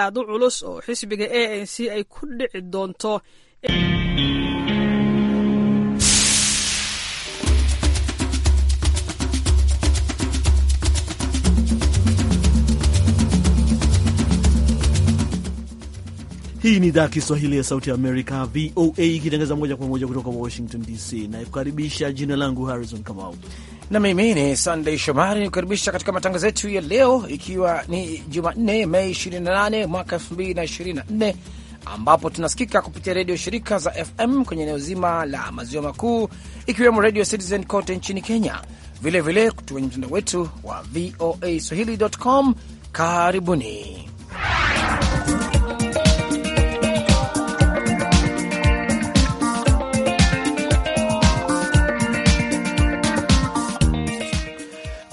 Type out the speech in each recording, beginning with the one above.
aad u culus oo xisbiga a n c ay ku dhici doonto Hii ni idhaa Kiswahili ya Sauti ya Amerika, VOA, ikitangaza moja kwa moja kutoka Washington DC Naikukaribisha, Jina langu Harrison Kamau na mimi ni Sandey Shomari nikukaribisha katika matangazo yetu ya leo, ikiwa ni Jumanne Mei 28 mwaka 2024 ambapo tunasikika kupitia redio shirika za FM kwenye eneo zima la maziwa makuu ikiwemo Radio Citizen kote nchini Kenya, vilevile kwenye mtandao wetu wa VOA swahili.com. Karibuni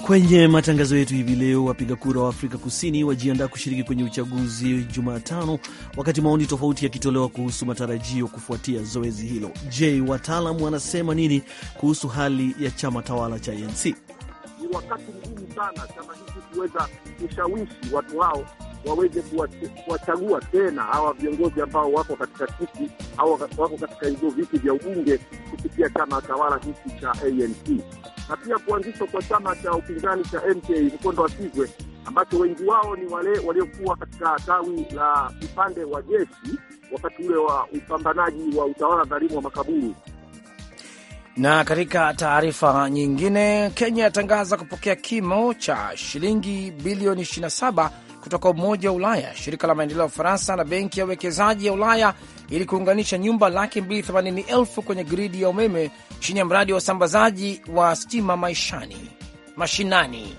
Kwenye matangazo yetu hivi leo, wapiga kura wa Afrika Kusini wajiandaa kushiriki kwenye uchaguzi Jumatano, wakati maoni tofauti yakitolewa kuhusu matarajio kufuatia zoezi hilo. Je, wataalam wanasema nini kuhusu hali ya chama tawala cha ANC? Ni wakati mgumu sana chama hiki kuweza kushawishi watu hao waweze kuwachagua tena hawa viongozi ambao wako katika kiti au wako katika hivyo viti vya ubunge kupitia chama tawala hiki cha ANC na pia kuanzishwa kwa chama cha upinzani cha MK Mkondo wa Sizwe ambacho wengi wao ni wale waliokuwa katika tawi la upande wa jeshi wakati ule wa upambanaji wa utawala dhalimu wa makaburu. Na katika taarifa nyingine, Kenya yatangaza kupokea kimo cha shilingi bilioni 27 kutoka Umoja wa Ulaya, shirika la maendeleo ya Ufaransa na Benki ya Uwekezaji ya Ulaya ili kuunganisha nyumba laki mbili themanini elfu kwenye gridi ya umeme chini ya mradi wa usambazaji wa stima maishani mashinani.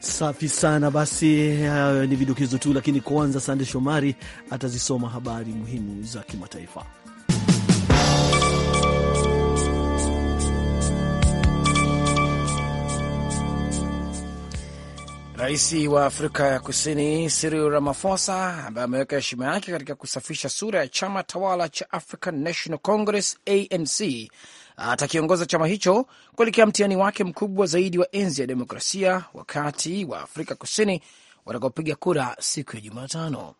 Safi sana. Basi hayo ni vidokezo tu, lakini kwanza Sande Shomari atazisoma habari muhimu za kimataifa. Rais wa Afrika ya Kusini Cyril Ramaphosa ambaye ameweka heshima yake katika kusafisha sura ya chama tawala cha African National Congress ANC atakiongoza chama hicho kuelekea mtihani wake mkubwa zaidi wa enzi ya demokrasia wakati wa Afrika Kusini watakaopiga kura siku ya Jumatano.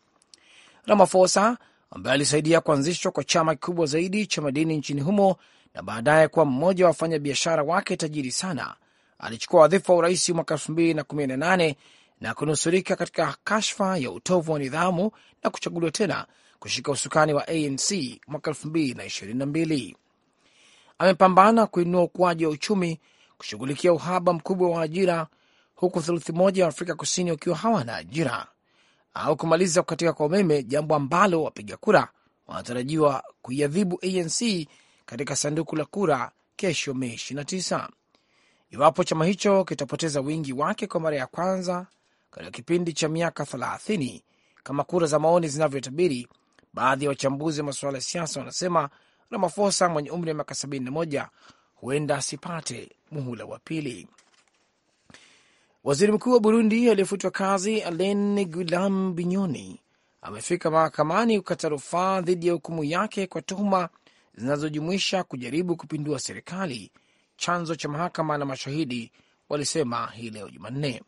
Ramaphosa ambaye alisaidia kuanzishwa kwa chama kikubwa zaidi cha madini nchini humo na baadaye kuwa mmoja wa wafanyabiashara wake tajiri sana, alichukua wadhifa wa urais mwaka 2018 na kunusurika katika kashfa ya utovu wa nidhamu na kuchaguliwa tena kushika usukani wa ANC mwaka 2022 amepambana kuinua ukuaji wa uchumi, kushughulikia uhaba mkubwa wa ajira, huku theluthi moja wa Afrika Kusini wakiwa hawana ajira au kumaliza kukatika kwa umeme, jambo ambalo wapiga kura wanatarajiwa kuiadhibu ANC katika sanduku la kura kesho Mei 29. Iwapo chama hicho kitapoteza wingi wake kwa mara ya kwanza katika kipindi cha miaka 30 kama kura za maoni zinavyotabiri, baadhi ya wachambuzi wa masuala ya siasa wanasema Ramafosa mwenye umri wa miaka 71 huenda asipate muhula wa pili. Waziri mkuu wa Burundi aliyefutwa kazi Alain Guillaume Binyoni amefika mahakamani kukata rufaa dhidi ya hukumu yake kwa tuhuma zinazojumuisha kujaribu kupindua serikali. Chanzo cha mahakama na mashahidi walisema hii leo Jumanne.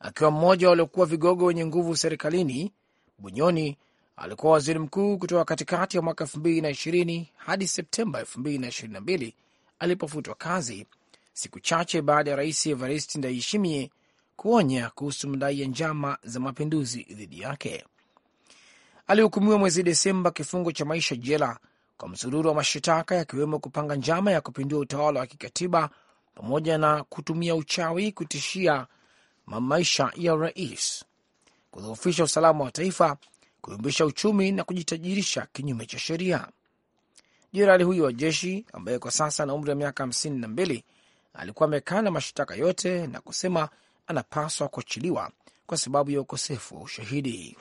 Akiwa mmoja waliokuwa vigogo wenye nguvu serikalini, Bunyoni alikuwa waziri mkuu kutoka katikati ya mwaka 2020 hadi Septemba 2022 alipofutwa kazi siku chache baada ya rais Evariste Ndayishimiye kuonya kuhusu madai ya njama za mapinduzi dhidi yake. Alihukumiwa mwezi Desemba kifungo cha maisha jela kwa msururu wa mashitaka yakiwemo kupanga njama ya kupindua utawala wa kikatiba pamoja na kutumia uchawi kutishia maisha ya rais, kudhoofisha usalama wa taifa kuyumbisha uchumi na kujitajirisha kinyume cha sheria. Jenerali huyo wa jeshi ambaye kwa sasa ana umri wa miaka hamsini na mbili alikuwa amekana mashtaka yote na kusema anapaswa kuachiliwa kwa sababu ya ukosefu wa ushahidi.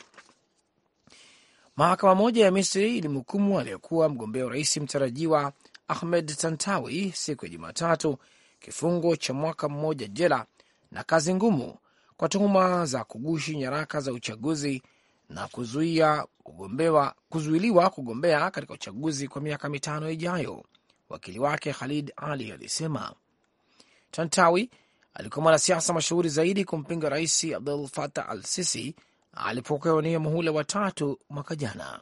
Mahakama moja ya Misri ilimhukumu aliyekuwa mgombea urais mtarajiwa Ahmed Tantawi siku ya Jumatatu kifungo cha mwaka mmoja jela na kazi ngumu kwa tuhuma za kugushi nyaraka za uchaguzi na kuzuia kugombewa, kuzuiliwa kugombea katika uchaguzi kwa miaka mitano ijayo. Wakili wake Khalid Ali alisema Tantawi alikuwa mwanasiasa mashuhuri zaidi kumpinga Rais Abdul Fatah al Sisi alipokewania muhula wa tatu mwaka jana.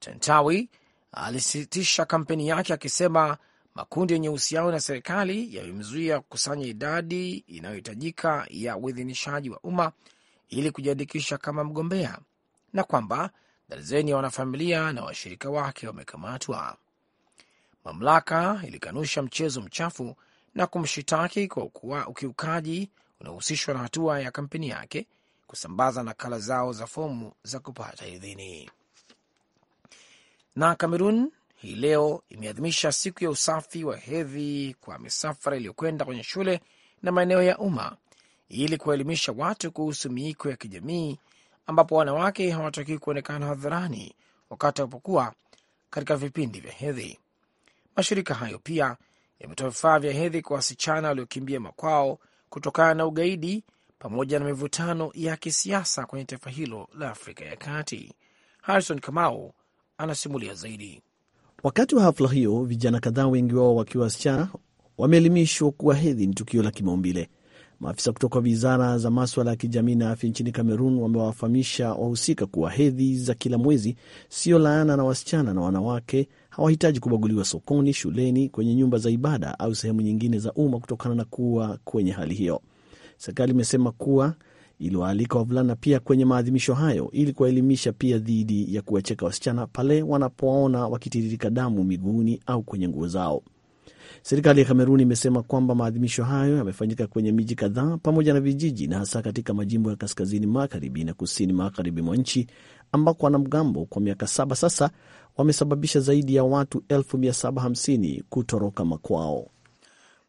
Tantawi alisitisha kampeni yake akisema makundi yenye uhusiano na serikali yamemzuia kukusanya idadi inayohitajika ya uidhinishaji wa umma ili kujiandikisha kama mgombea na kwamba darzeni ya wanafamilia na washirika wake wamekamatwa. Mamlaka ilikanusha mchezo mchafu na kumshitaki kwa ukiukaji unaohusishwa na hatua ya kampeni yake kusambaza nakala zao za fomu za kupata idhini. Na Kamerun hii leo imeadhimisha siku ya usafi wa hedhi kwa misafara iliyokwenda kwenye shule na maeneo ya umma ili kuwaelimisha watu kuhusu miiko ya kijamii, ambapo wanawake hawatakiwi kuonekana hadharani wakati wapokuwa katika vipindi vya hedhi. Mashirika hayo pia yametoa vifaa vya hedhi kwa wasichana waliokimbia makwao kutokana na ugaidi pamoja na mivutano ya kisiasa kwenye taifa hilo la Afrika ya Kati. Harrison Kamau anasimulia zaidi. Wakati wa hafla hiyo, vijana kadhaa, wengi wao wakiwa wasichana, wameelimishwa kuwa hedhi ni tukio la kimaumbile Maafisa kutoka wizara za maswala ya kijamii na afya nchini Kamerun wamewafahamisha wahusika kuwa hedhi za kila mwezi sio laana, na wasichana na wanawake hawahitaji kubaguliwa sokoni, shuleni, kwenye nyumba za ibada au sehemu nyingine za umma kutokana na kuwa kwenye hali hiyo. Serikali imesema kuwa iliwaalika wavulana pia kwenye maadhimisho hayo ili kuwaelimisha pia dhidi ya kuwacheka wasichana pale wanapoona wakitiririka damu miguuni au kwenye nguo zao. Serikali ya Kameruni imesema kwamba maadhimisho hayo yamefanyika kwenye miji kadhaa pamoja na vijiji na hasa katika majimbo ya kaskazini magharibi na kusini magharibi mwa nchi ambako wanamgambo kwa miaka saba sasa wamesababisha zaidi ya watu 750 kutoroka makwao.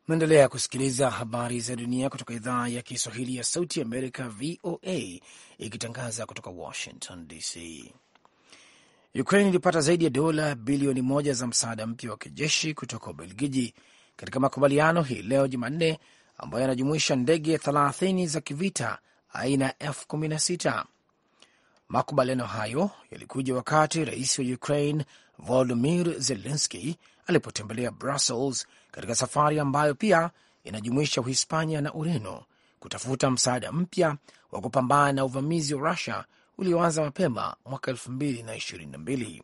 Naendelea kusikiliza habari za dunia kutoka idhaa ya Kiswahili ya Sauti ya Amerika, VOA, ikitangaza kutoka Washington DC. Ukraine ilipata zaidi ya dola bilioni moja za msaada mpya wa kijeshi kutoka Ubelgiji katika makubaliano hii leo Jumanne, ambayo yanajumuisha ndege 30 za kivita aina F16. Makubaliano hayo yalikuja wakati rais wa Ukraine volodimir zelenski alipotembelea Brussels katika safari ambayo pia inajumuisha Uhispania na Ureno kutafuta msaada mpya wa kupambana na uvamizi wa Rusia ulioanza mapema mwaka mbili.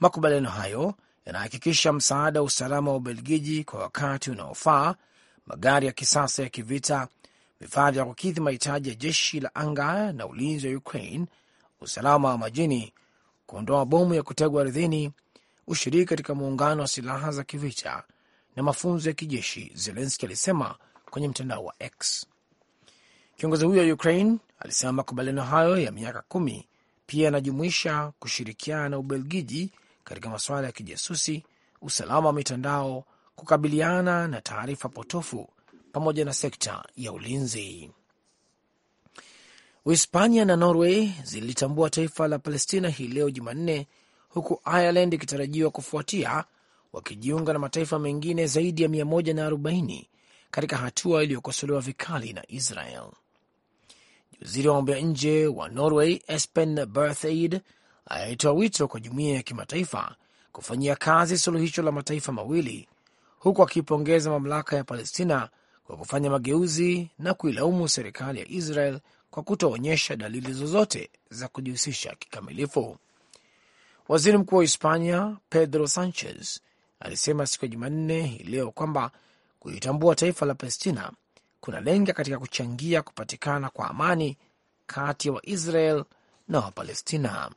Makubaliano hayo yanahakikisha msaada wa usalama wa Ubelgiji kwa wakati unaofaa, magari ya kisasa ya kivita, vifaa vya kukidhi mahitaji ya jeshi la anga na ulinzi wa Ukraine, usalama wa majini, kuondoa bomu ya kutegwa ardhini, ushiriki katika muungano wa silaha za kivita na mafunzo ya kijeshi, Zelenski alisema kwenye mtandao wa X. Kiongozi huyo wa Ukraine Alisema makubaliano hayo ya miaka kumi pia yanajumuisha kushirikiana na Ubelgiji katika masuala ya kijasusi, usalama wa mitandao, kukabiliana na taarifa potofu pamoja na sekta ya ulinzi. Uhispania na Norway zilitambua taifa la Palestina hii leo Jumanne, huku Ireland ikitarajiwa kufuatia, wakijiunga na mataifa mengine zaidi ya 140 katika hatua iliyokosolewa vikali na Israel. Waziri wa mambo ya nje wa Norway Espen Berthaid Eide alitoa wito kwa jumuiya ya kimataifa kufanyia kazi suluhisho la mataifa mawili, huku akipongeza mamlaka ya Palestina kwa kufanya mageuzi na kuilaumu serikali ya Israel kwa kutoonyesha dalili zozote za kujihusisha kikamilifu. Waziri mkuu wa Hispania Pedro Sanchez alisema siku ya Jumanne hii leo kwamba kuitambua taifa la Palestina kunalenga katika kuchangia kupatikana kwa amani kati ya wa Waisrael na Wapalestina.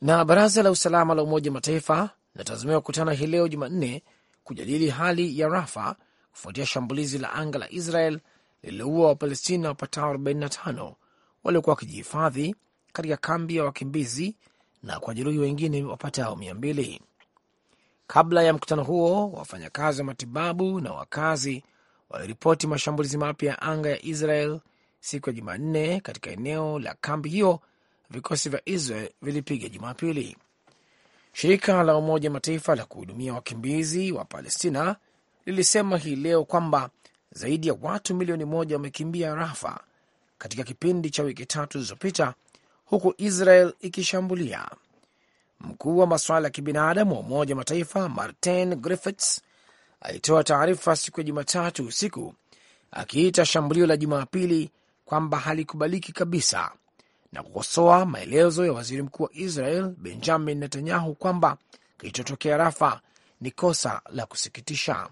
Na baraza la usalama la Umoja wa Mataifa linatazamiwa kukutana hii leo Jumanne kujadili hali ya Rafa kufuatia shambulizi la anga la Israel lililoua Wapalestina wapatao 45 waliokuwa wakijihifadhi katika kambi ya wakimbizi na kwa jeruhi wengine wapatao 200. Kabla ya mkutano huo, wafanyakazi wa matibabu na wakazi waliripoti mashambulizi mapya ya anga ya Israel siku ya Jumanne katika eneo la kambi hiyo vikosi vya Israel vilipiga Jumapili. Shirika la Umoja wa Mataifa la kuhudumia wakimbizi wa Palestina lilisema hii leo kwamba zaidi ya watu milioni moja wamekimbia Rafa katika kipindi cha wiki tatu zilizopita, huku Israel ikishambulia. Mkuu wa masuala ya kibinadamu wa Umoja wa Mataifa Martin Griffiths alitoa taarifa siku ya Jumatatu usiku akiita shambulio la Jumapili kwamba halikubaliki kabisa na kukosoa maelezo ya waziri mkuu wa Israel Benjamin Netanyahu kwamba kilichotokea Rafa ni kosa la kusikitisha.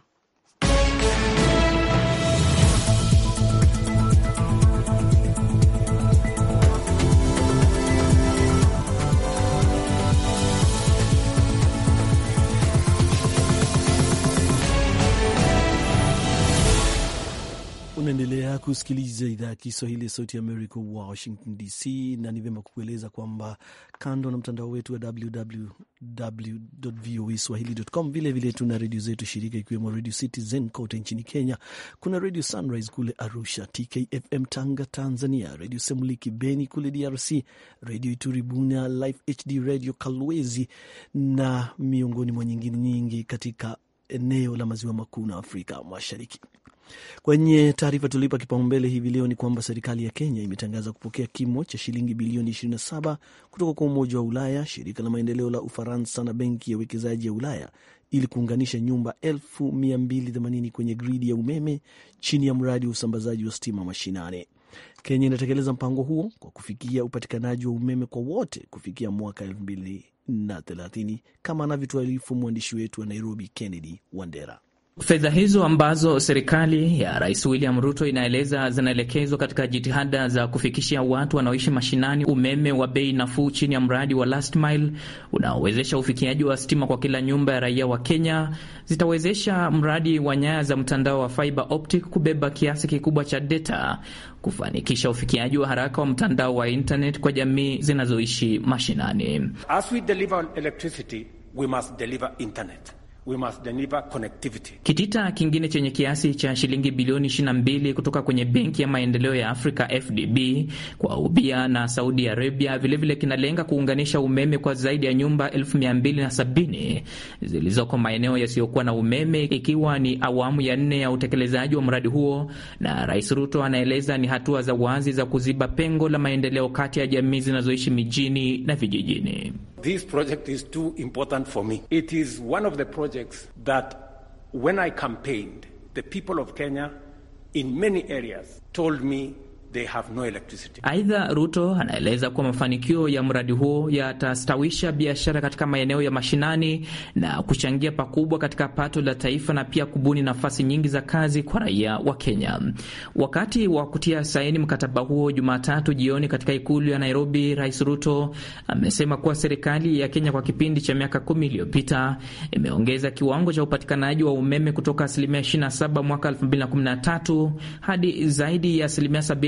kusikiliza idhaa ya Kiswahili ya Sauti ya amerika Washington DC, na ni vyema kukueleza kwamba kando na mtandao wetu wa www voa swahili.com, vilevile tuna redio zetu shirika, ikiwemo Redio Citizen kote nchini Kenya. Kuna Redio Sunrise kule Arusha, TKFM Tanga Tanzania, Redio Semuliki Beni kule DRC, Redio Ituri Buna, Life HD Radio Kalwezi na miongoni mwa nyingine nyingi katika eneo la maziwa makuu na Afrika Mashariki. Kwenye taarifa tulipa kipaumbele hivi leo ni kwamba serikali ya Kenya imetangaza kupokea kimo cha shilingi bilioni 27 kutoka kwa Umoja wa Ulaya, shirika la maendeleo la Ufaransa na Benki ya Uwekezaji ya Ulaya ili kuunganisha nyumba 1280 kwenye gridi ya umeme chini ya mradi wa usambazaji wa stima mashinani. Kenya inatekeleza mpango huo kwa kufikia upatikanaji wa umeme kwa wote kufikia mwaka 2030 kama anavyotuarifu mwandishi wetu wa Nairobi, Kennedy Wandera. Fedha hizo ambazo serikali ya Rais William Ruto inaeleza zinaelekezwa katika jitihada za kufikishia watu wanaoishi mashinani umeme wa bei nafuu chini ya mradi wa Last Mile unaowezesha ufikiaji wa stima kwa kila nyumba ya raia wa Kenya zitawezesha mradi wa nyaya za mtandao wa fiber optic kubeba kiasi kikubwa cha data kufanikisha ufikiaji wa haraka wa mtandao wa internet kwa jamii zinazoishi mashinani. As we deliver electricity, we must deliver internet. We must deliver connectivity. Kitita kingine chenye kiasi cha shilingi bilioni 22 kutoka kwenye Benki ya Maendeleo ya Afrika FDB kwa ubia na Saudi Arabia vilevile kinalenga kuunganisha umeme kwa zaidi ya nyumba 270 zilizoko maeneo yasiyokuwa na umeme ikiwa ni awamu ya nne ya utekelezaji wa mradi huo, na Rais Ruto anaeleza ni hatua za wazi za kuziba pengo la maendeleo kati ya jamii zinazoishi mijini na vijijini. This project is too important for me. It is one of the projects that, when I campaigned, the people of Kenya in many areas told me They have no electricity. Aidha, Ruto anaeleza kuwa mafanikio ya mradi huo yatastawisha biashara katika maeneo ya mashinani na kuchangia pakubwa katika pato la taifa na pia kubuni nafasi nyingi za kazi kwa raia wa Kenya. Wakati wa kutia saini mkataba huo Jumatatu jioni katika ikulu ya Nairobi, Rais Ruto amesema kuwa serikali ya Kenya kwa kipindi cha miaka kumi iliyopita imeongeza kiwango cha upatikanaji wa umeme kutoka asilimia 27 mwaka 2013 hadi zaidi ya asilimia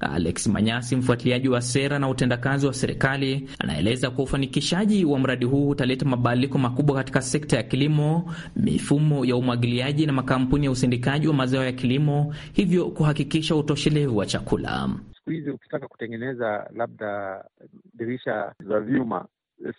Alex Manyasi, mfuatiliaji wa sera na utendakazi wa serikali, anaeleza kuwa ufanikishaji wa mradi huu utaleta mabadiliko makubwa katika sekta ya kilimo, mifumo ya umwagiliaji na makampuni ya usindikaji wa mazao ya kilimo, hivyo kuhakikisha utoshelevu wa chakula. Siku hizi ukitaka kutengeneza labda dirisha za vyuma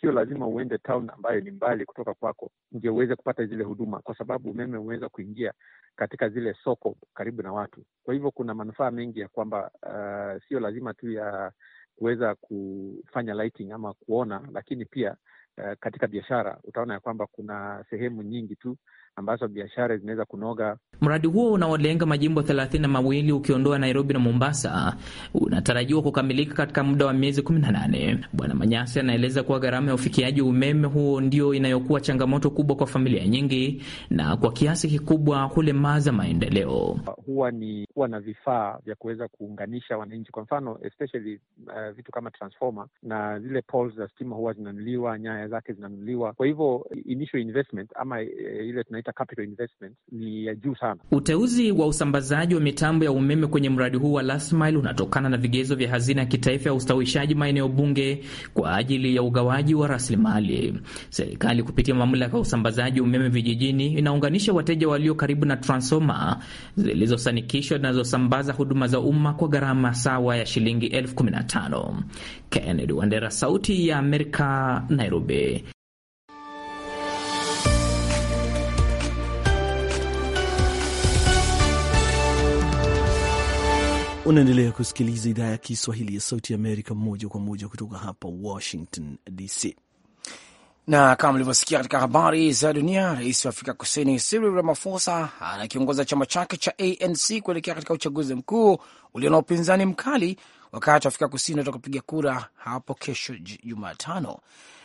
sio lazima uende town ambayo ni mbali kutoka kwako ndio uweze kupata zile huduma, kwa sababu umeme umeweza kuingia katika zile soko karibu na watu. Kwa hivyo kuna manufaa mengi ya kwamba uh, sio lazima tu ya kuweza kufanya lighting ama kuona, lakini pia uh, katika biashara utaona ya kwamba kuna sehemu nyingi tu ambazo biashara zinaweza kunoga. Mradi huo unaolenga majimbo thelathini na mawili ukiondoa Nairobi na Mombasa unatarajiwa kukamilika katika muda wa miezi kumi na nane. Bwana Manyasi anaeleza kuwa gharama ya ufikiaji umeme huo ndio inayokuwa changamoto kubwa kwa familia nyingi na kwa kiasi kikubwa hulemaza maendeleo. Huwa ni kuwa na vifaa vya kuweza kuunganisha wananchi, kwa mfano especially uh, vitu kama transformer na zile poles za stima huwa zinanuliwa, nyaya zake zinanuliwa. Kwa hivyo initial investment ama uh, ile tunaita capital investment ni ya juu sana. Uteuzi wa usambazaji wa mitambo ya umeme kwenye mradi huu wa last mile unatokana na vigezo vya hazina ya kitaifa ya ustawishaji maeneo bunge kwa ajili ya ugawaji wa rasilimali. Serikali kupitia mamlaka ya usambazaji umeme vijijini inaunganisha wateja walio karibu na transfoma zilizosanikishwa zinazosambaza huduma za umma kwa gharama sawa ya shilingi elfu kumi na tano. Kennedy Wandera, Sauti ya Amerika, Nairobi. Unaendelea kusikiliza idhaa ya Kiswahili ya Sauti ya Amerika moja kwa moja kutoka hapa Washington DC, na kama mlivyosikia katika habari za dunia, rais wa Afrika Kusini Cyril Ramaphosa anakiongoza chama chake cha ANC kuelekea katika uchaguzi mkuu ulio na upinzani mkali, wakati wa Afrika Kusini wataka kupiga kura hapo kesho Jumatano,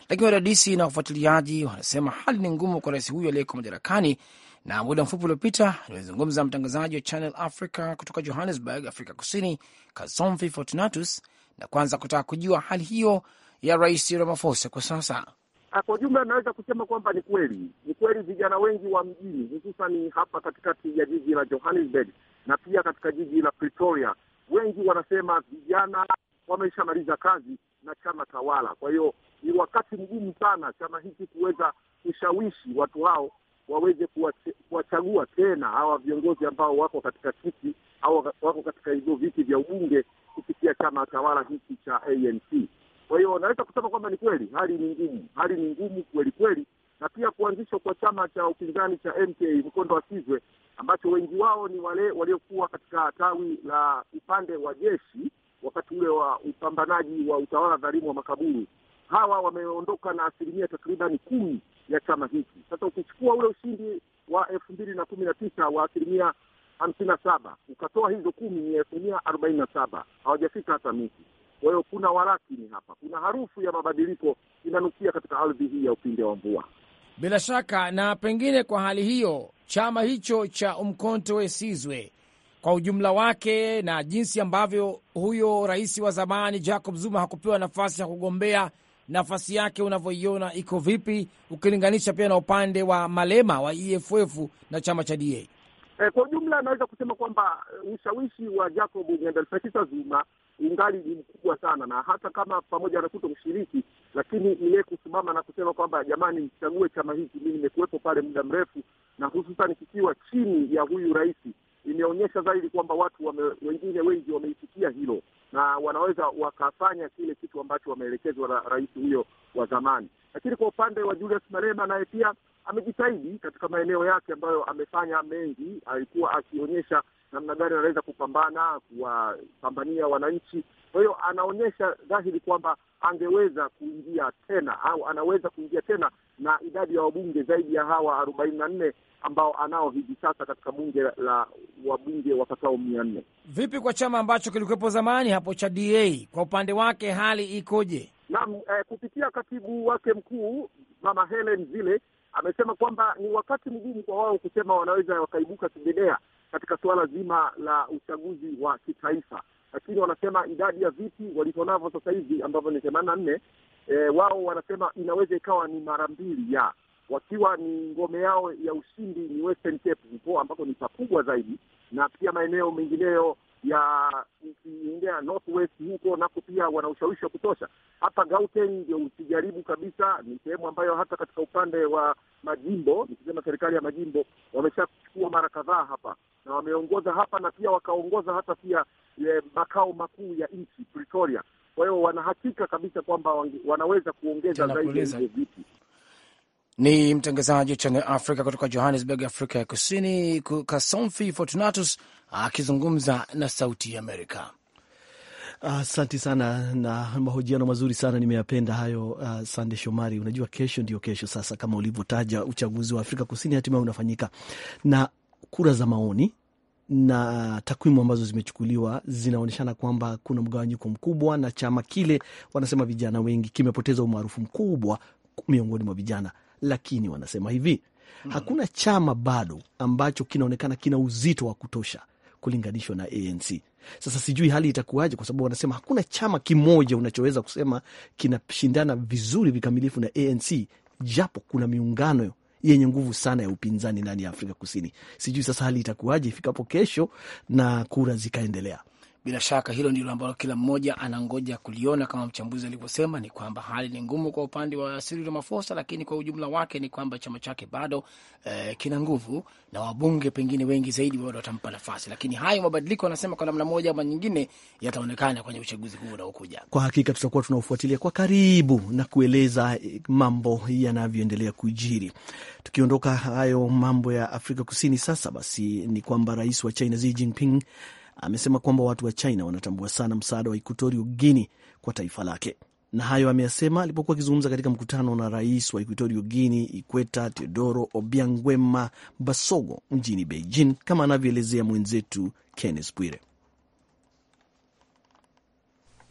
lakini wadadisi na wafuatiliaji wanasema hali ni ngumu kwa rais huyo aliyeko madarakani na muda mfupi uliopita nimezungumza mtangazaji wa Channel Africa kutoka Johannesburg, Afrika Kusini, Kasomfi Fortunatus, na kwanza kutaka kujua hali hiyo ya Rais Ramaphosa kwa sasa. Ah, kwa jumla naweza kusema kwamba ni kweli, ni kweli vijana wengi wa mjini, hususan hapa katikati ya jiji la Johannesburg na pia katika jiji la Pretoria, wengi wanasema vijana wameshamaliza kazi na chama tawala. Kwa hiyo ni wakati mgumu sana chama hiki kuweza kushawishi watu hao waweze kuwachagua tena hawa viongozi ambao wako katika kiti au wako katika hivyo viti vya ubunge kupitia chama tawala hiki cha ANC. Kwa hiyo naweza kusema kwamba ni kweli hali ni ngumu, hali ni ngumu kweli kweli, na pia kuanzishwa kwa chama cha upinzani cha MK Mkondo wa Sizwe ambacho wengi wao ni wale waliokuwa katika tawi la upande wa jeshi wakati ule wa upambanaji wa utawala dhalimu wa makaburu. Hawa wameondoka na asilimia takribani kumi ya chama hiki. Sasa ukichukua ule ushindi wa elfu mbili na kumi na tisa wa asilimia hamsini na saba ukatoa hizo kumi ni asilimia arobaini na saba hawajafika hata miti. Kwa hiyo kuna warakini hapa, kuna harufu ya mabadiliko inanukia katika ardhi hii ya upinde wa mvua. Bila shaka na pengine kwa hali hiyo, chama hicho cha Umkhonto we Sizwe kwa ujumla wake na jinsi ambavyo huyo rais wa zamani Jacob Zuma hakupewa nafasi ya kugombea nafasi yake unavyoiona iko vipi, ukilinganisha pia na upande wa Malema wa EFF na chama cha DA? E, eh, kwa ujumla anaweza kusema kwamba eh, ushawishi wa Jacob Ngelfekita Zuma ungali ni mkubwa sana, na hata kama pamoja na kuto mshiriki, lakini ile kusimama na kusema kwamba jamani, mchague chama hiki, mi nimekuwepo pale muda mrefu, na hususan kikiwa chini ya huyu rais imeonyesha zaidi kwamba watu wame, wengine wengi wameitikia hilo na wanaweza wakafanya kile kitu ambacho wameelekezwa na rais huyo wa zamani. Lakini kwa upande wa Julius Malema, naye pia amejitahidi katika maeneo yake ambayo amefanya mengi, alikuwa akionyesha namna gani anaweza kupambana kuwapambania wananchi. Kwa hiyo anaonyesha dhahiri kwamba angeweza kuingia tena au anaweza kuingia tena na idadi ya wabunge zaidi ya hawa arobaini na nne ambao anao hivi sasa katika bunge la wabunge wapatao mia nne. Vipi kwa chama ambacho kilikuwepo zamani hapo cha DA, kwa upande wake hali ikoje? Naam, eh, kupitia katibu wake mkuu Mama Helen Zille amesema kwamba ni wakati mgumu kwa wao kusema wanaweza wakaibuka kidedea, katika suala zima la uchaguzi wa kitaifa, lakini wanasema idadi ya viti walivyo navyo sasa hivi ambavyo ni themanini na nne e, wao wanasema inaweza ikawa ni mara mbili ya wakiwa ni ngome yao ya ushindi ni Western Cape huko ambako ni pakubwa zaidi, na pia maeneo mengineyo ya ukiendea northwest huko nako pia wana ushawishi wa kutosha. Hapa Gauteng ndio usijaribu kabisa, ni sehemu ambayo hata katika upande wa majimbo, nikisema serikali ya majimbo, wameshachukua mara kadhaa hapa na wameongoza hapa na pia wakaongoza hata pia eh, makao makuu ya nchi Pretoria. Kwa hiyo wanahakika kabisa kwamba wanaweza kuongeza zaidi ya vitu ni mtangazaji wa Channel Africa kutoka Johannesburg, Afrika ya Kusini, Kasomfi Fortunatus akizungumza na Sauti ya Amerika. Asante uh, sana na mahojiano mazuri sana, nimeyapenda hayo. Uh, Sande Shomari, unajua kesho ndio kesho sasa, kama ulivyotaja uchaguzi wa Afrika Kusini hatimaye unafanyika na kura za maoni na takwimu ambazo zimechukuliwa zinaonyeshana kwamba kuna mgawanyiko mkubwa, na chama kile wanasema vijana wengi kimepoteza umaarufu mkubwa miongoni mwa vijana lakini wanasema hivi mm -hmm. hakuna chama bado ambacho kinaonekana kina uzito wa kutosha kulinganishwa na ANC. Sasa sijui hali itakuwaje, kwa sababu wanasema hakuna chama kimoja unachoweza kusema kinashindana vizuri vikamilifu na ANC, japo kuna miungano yenye nguvu sana ya upinzani ndani ya Afrika Kusini. Sijui sasa hali itakuwaje ifikapo kesho na kura zikaendelea. Bila shaka hilo ndilo ambalo kila mmoja anangoja kuliona. Kama mchambuzi alivyosema, ni kwamba hali ni ngumu kwa upande wa Cyril Ramaphosa, lakini kwa ujumla wake ni kwamba chama chake bado eh, kina nguvu na wabunge pengine wengi zaidi bado watampa nafasi, lakini hayo mabadiliko anasema kwa namna moja ama nyingine yataonekana kwenye uchaguzi huu unaokuja. Kwa hakika tutakuwa tunaofuatilia kwa karibu na kueleza eh, mambo yanavyoendelea kujiri. Tukiondoka hayo mambo ya Afrika Kusini, sasa basi ni kwamba rais wa China Xi Jinping amesema kwamba watu wa China wanatambua sana msaada wa Equatorial Guinea kwa taifa lake, na hayo ameyasema alipokuwa akizungumza katika mkutano na rais wa Equatorial Guinea Ikweta Teodoro obiangwema Basogo Mbasogo mjini Beijing, kama anavyoelezea mwenzetu Kenneth Bwire.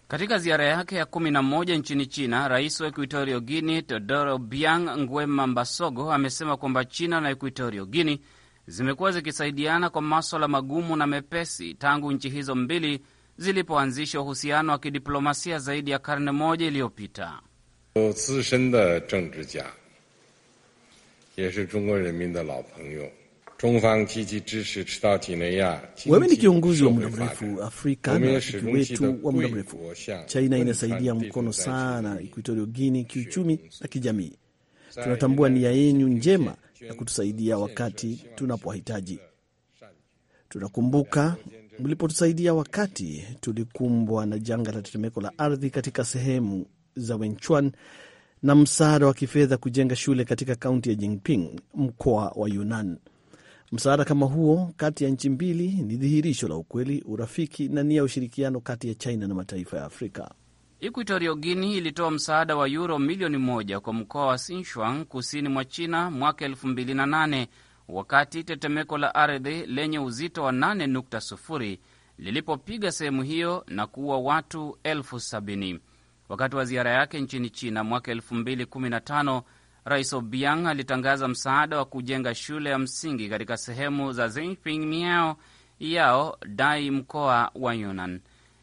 Katika ziara yake ya kumi na moja nchini China, rais wa Equatorial Guinea Teodoro Biang Nguema Mbasogo amesema kwamba China na Equatorial Guinea zimekuwa zikisaidiana kwa maswala magumu na mepesi tangu nchi hizo mbili zilipoanzisha uhusiano wa kidiplomasia zaidi ya karne moja iliyopita. Wewe ni kiongozi wa muda mrefu Afrika na rafiki wetu wa muda mrefu. China inasaidia mkono sana Equatorial Guini kiuchumi na kijamii. Tunatambua nia yenu njema na kutusaidia wakati tunapohitaji. Tunakumbuka mlipotusaidia wakati tulikumbwa na janga la tetemeko la ardhi katika sehemu za Wenchuan na msaada wa kifedha kujenga shule katika kaunti ya Jinping, mkoa wa Yunnan. Msaada kama huo kati ya nchi mbili ni dhihirisho la ukweli, urafiki na nia ya ushirikiano kati ya China na mataifa ya Afrika. Equatorial Guinea ilitoa msaada wa yuro milioni moja kwa mkoa wa Sichuan kusini mwa China mwaka 2008 wakati tetemeko la ardhi lenye uzito wa 8.0 lilipopiga sehemu hiyo na kuua watu elfu sabini. Wakati wa ziara yake nchini China mwaka 2015, Rais Obiang alitangaza msaada wa kujenga shule ya msingi katika sehemu za Zinping miao yao Dai, mkoa wa Yunnan.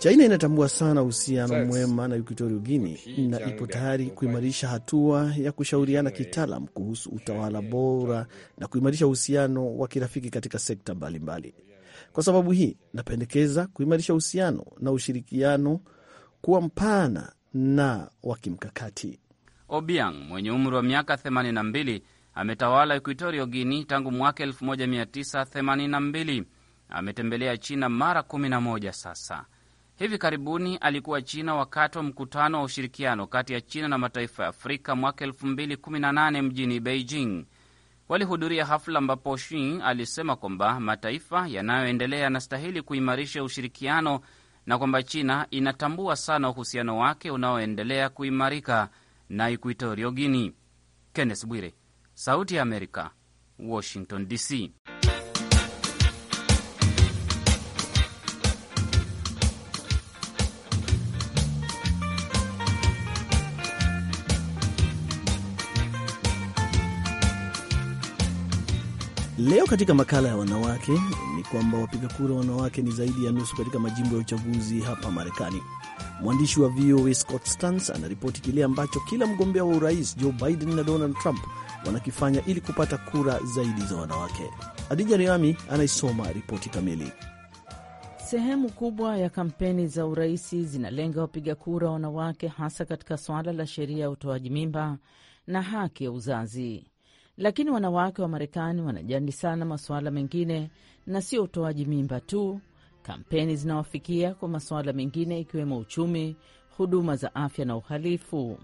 China inatambua sana uhusiano mwema na Equatorial Guinea na ipo tayari kuimarisha hatua ya kushauriana kitaalam kuhusu utawala bora na kuimarisha uhusiano wa kirafiki katika sekta mbalimbali mbali. Kwa sababu hii napendekeza kuimarisha uhusiano na ushirikiano kuwa mpana na wa kimkakati. Obiang mwenye umri wa miaka 82 ametawala Equatorial Guinea tangu mwaka 1982. Ametembelea China mara 11 sasa. Hivi karibuni alikuwa China wakati wa mkutano wa ushirikiano kati ya China na mataifa ya Afrika mwaka 2018 mjini Beijing. Walihudhuria hafla ambapo Xi alisema kwamba mataifa yanayoendelea yanastahili kuimarisha ushirikiano na kwamba China inatambua sana uhusiano wake unaoendelea kuimarika na Equatorio Guini. Kenneth Bwire, Sauti ya Amerika, Washington DC. Leo katika makala ya wanawake ni kwamba wapiga kura wanawake ni zaidi ya nusu katika majimbo ya uchaguzi hapa Marekani. Mwandishi wa VOA Scott Stans anaripoti kile ambacho kila mgombea wa urais Joe Biden na Donald Trump wanakifanya ili kupata kura zaidi za wanawake. Adija Riami anaisoma ripoti kamili. Sehemu kubwa ya kampeni za uraisi zinalenga wapiga kura wanawake, hasa katika swala la sheria ya utoaji mimba na haki ya uzazi lakini wanawake wa Marekani wanajali sana masuala mengine na sio utoaji mimba tu. Kampeni zinawafikia kwa masuala mengine ikiwemo uchumi, huduma za afya na uhalifu.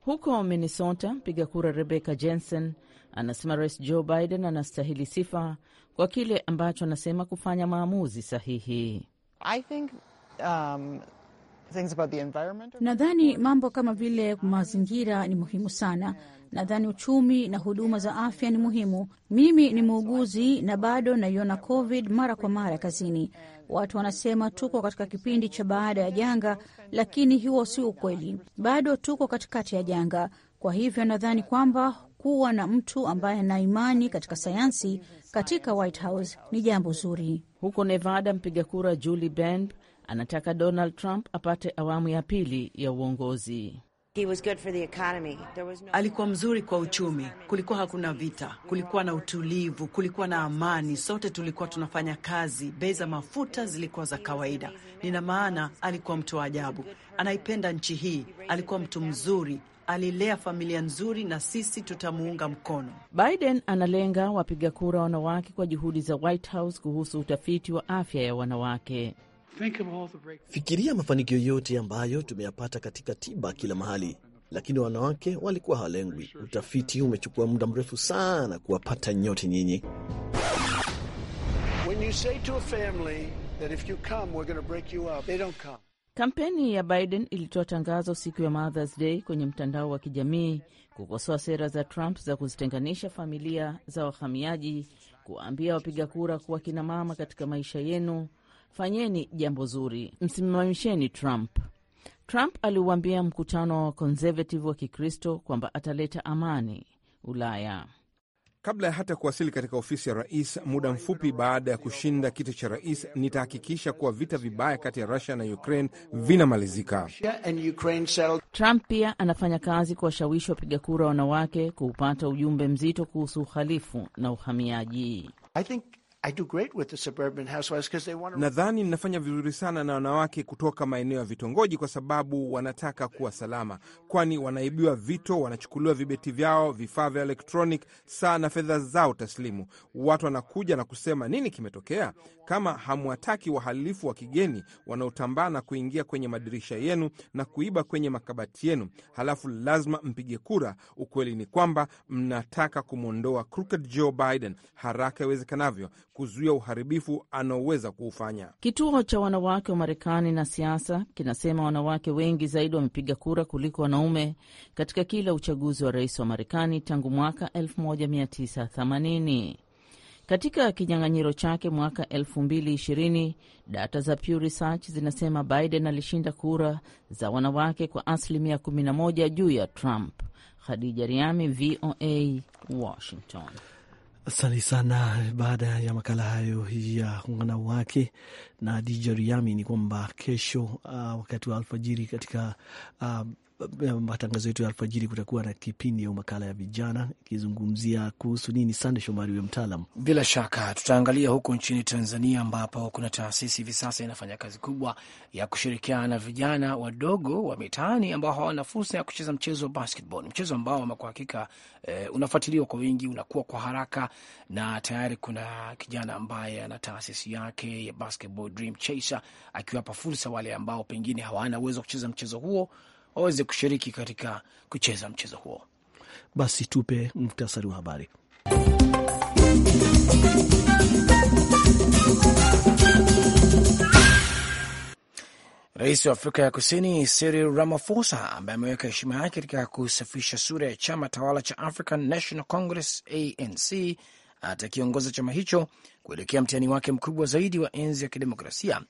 Huko Minnesota, mpiga kura Rebecca Jensen anasema Rais Joe Biden anastahili sifa kwa kile ambacho anasema kufanya maamuzi sahihi. I think, um, nadhani mambo kama vile mazingira ni muhimu sana Nadhani uchumi na huduma za afya ni muhimu. Mimi ni muuguzi na bado naiona COVID mara kwa mara kazini. Watu wanasema tuko katika kipindi cha baada ya janga, lakini huo si ukweli. Bado tuko katikati ya janga. Kwa hivyo nadhani kwamba kuwa na mtu ambaye ana imani katika sayansi katika White House ni jambo zuri. Huko Nevada, mpiga kura Julie Brand anataka Donald Trump apate awamu ya pili ya uongozi. Alikuwa mzuri kwa uchumi, kulikuwa hakuna vita, kulikuwa na utulivu, kulikuwa na amani, sote tulikuwa tunafanya kazi, bei za mafuta zilikuwa za kawaida. Nina maana alikuwa mtu wa ajabu, anaipenda nchi hii, alikuwa mtu mzuri, alilea familia nzuri, na sisi tutamuunga mkono. Biden analenga wapiga kura wanawake kwa juhudi za White House kuhusu utafiti wa afya ya wanawake. Fikiria mafanikio yote ambayo tumeyapata katika tiba kila mahali, lakini wanawake walikuwa hawalengwi. Utafiti umechukua muda mrefu sana kuwapata nyote nyinyi. Kampeni ya Biden ilitoa tangazo siku ya Mothers Day kwenye mtandao wa kijamii kukosoa sera za Trump za kuzitenganisha familia za wahamiaji, kuwaambia wapiga kura kuwa kinamama katika maisha yenu fanyeni jambo zuri, msimamisheni Trump. Trump aliuambia mkutano wa konservative wa Kikristo kwamba ataleta amani Ulaya kabla ya hata kuwasili katika ofisi ya rais. Muda mfupi baada ya kushinda kiti cha rais, nitahakikisha kuwa vita vibaya kati ya Rusia na Ukraine vinamalizika. Trump pia anafanya kazi kuwashawishi wapiga kura wanawake kuupata ujumbe mzito kuhusu uhalifu na uhamiaji. I think Nadhani ninafanya vizuri sana na wanawake kutoka maeneo ya vitongoji, kwa sababu wanataka kuwa salama, kwani wanaibiwa vito, wanachukuliwa vibeti vyao, vifaa vya elektroni saa na fedha zao taslimu. Watu wanakuja na kusema nini kimetokea? Kama hamwataki wahalifu wa kigeni wanaotambana na kuingia kwenye madirisha yenu na kuiba kwenye makabati yenu, halafu lazima mpige kura. Ukweli ni kwamba mnataka kumwondoa Crooked Joe Biden haraka iwezekanavyo kuzuia uharibifu anaoweza kuufanya. Kituo cha wanawake wa Marekani na siasa kinasema wanawake wengi zaidi wamepiga kura kuliko wanaume katika kila uchaguzi wa rais wa Marekani tangu mwaka 1980. Katika kinyang'anyiro chake mwaka 2020, data za Pew Research zinasema Biden alishinda kura za wanawake kwa asilimia 11 juu ya Trump. Khadija Riami, VOA, Washington. Asante sana. Baada ya makala hayo ya wake na dijariami Riami, ni kwamba kesho, uh, wakati wa alfajiri katika uh, matangazo yetu ya alfajiri kutakuwa na kipindi au makala ya vijana ikizungumzia kuhusu nini? Sande Shomari huyo mtaalam. Bila shaka tutaangalia huko nchini Tanzania ambapo kuna taasisi hivi sasa inafanya kazi kubwa ya kushirikiana na vijana wadogo wa mitaani ambao hawana fursa ya kucheza mchezo wa basketball, mchezo ambao kwa hakika eh, unafuatiliwa kwa wingi, unakuwa kwa haraka, na tayari kuna kijana ambaye ana taasisi yake ya Basketball Dream Chaser akiwapa fursa wale ambao pengine hawana uwezo wa kucheza mchezo huo waweze kushiriki katika kucheza mchezo huo. Basi tupe muhtasari wa habari. Rais wa Afrika ya Kusini Cyril Ramaphosa, ambaye ameweka heshima yake katika kusafisha sura ya chama tawala cha African National Congress ANC, atakiongoza chama hicho kuelekea mtihani wake mkubwa zaidi wa enzi ya kidemokrasia,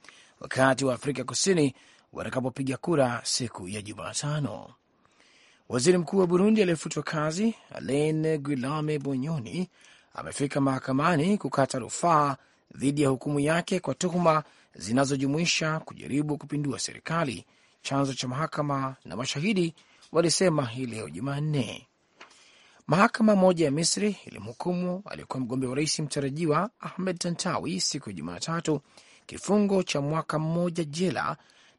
wakati wa Afrika Kusini watakapopiga kura siku ya Jumatano. Waziri mkuu wa Burundi aliyefutwa kazi Alain guilame bonyoni amefika mahakamani kukata rufaa dhidi ya hukumu yake kwa tuhuma zinazojumuisha kujaribu kupindua serikali, chanzo cha mahakama na mashahidi walisema hii leo Jumanne. Mahakama moja ya Misri ilimhukumu aliyekuwa mgombea wa rais mtarajiwa Ahmed Tantawi siku ya Jumatatu kifungo cha mwaka mmoja jela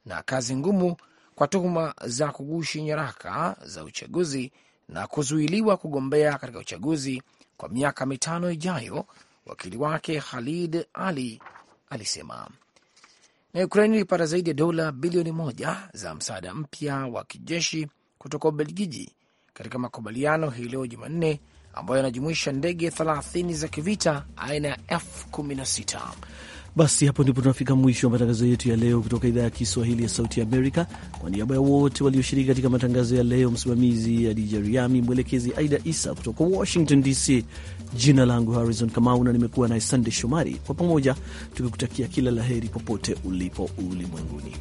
na kazi ngumu kwa tuhuma za kugushi nyaraka za uchaguzi na kuzuiliwa kugombea katika uchaguzi kwa miaka mitano ijayo, wakili wake Khalid Ali alisema. Na Ukraini ilipata zaidi ya dola bilioni moja za msaada mpya wa kijeshi kutoka Ubelgiji katika makubaliano hii leo Jumanne, ambayo yanajumuisha ndege 30 za kivita aina ya F16. Basi hapo ndipo tunafika mwisho wa matangazo yetu ya leo kutoka idhaa ya Kiswahili ya Sauti Amerika. Kwa niaba ya wote walioshiriki katika matangazo ya leo, msimamizi Adija Riami, mwelekezi Aida Isa kutoka Washington DC. Jina langu Harrison Kamau na nimekuwa naye Sande Shomari, kwa pamoja tukikutakia kila la heri popote ulipo ulimwenguni.